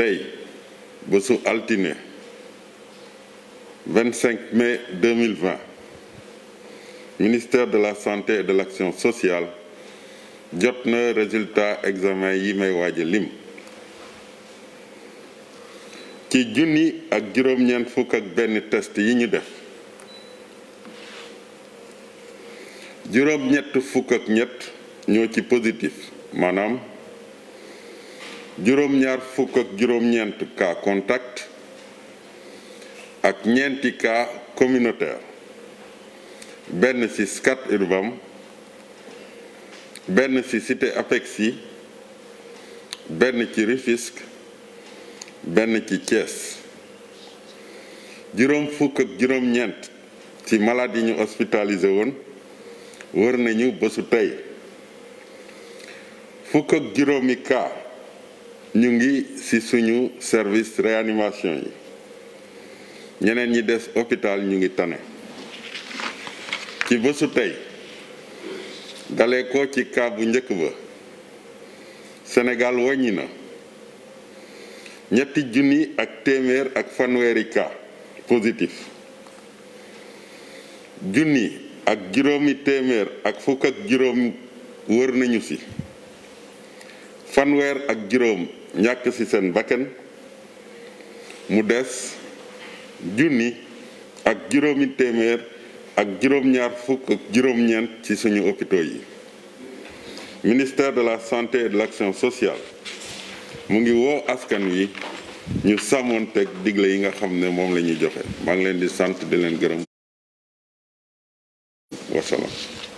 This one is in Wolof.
tey bésu altine 25 mai 2020 ministère de la santé et de l'action sociale jot résultat examen yi may lim ci junni ak juróom-ñeent fukk ak benn test yi ñu def juróom-ñett ak ñett ñoo ci positif madame. juróom-ñaar fukk ak juróom-ñeent cas contact ak ñeenti cas communautaire benn ci Scat benn ci Cité Apexi benn ci Rufisque benn ci Thiès juróom fukk ak juróom-ñeent ci malade yi ñu ospitalisé woon wër nañu bésu tey fukk ak juróomi cas ñu ngi ci suñu service réanimation yi ñeneen ñi des hôpital ñu ngi tane ci bésu tey dale ci cas bu njëkk ba senegal wàññi na ñetti junni ak téeméer ak fanweeri cas positif junni ak juróomi téeméer ak fukk ak juróom wër nañu ci fanwer ak nyak ñàkk ci seen bakkan mu des junni ak juróomi téeméer ak juróom-ñaar fukk ak juróom-ñeent ci suñu hôpitaux yi ministère de la santé et de l'action sociale mu ngi woo askan wi ñu teg digle yi nga xam ne moom la ñuy ngi leen di sant di leen gërëm wasalaam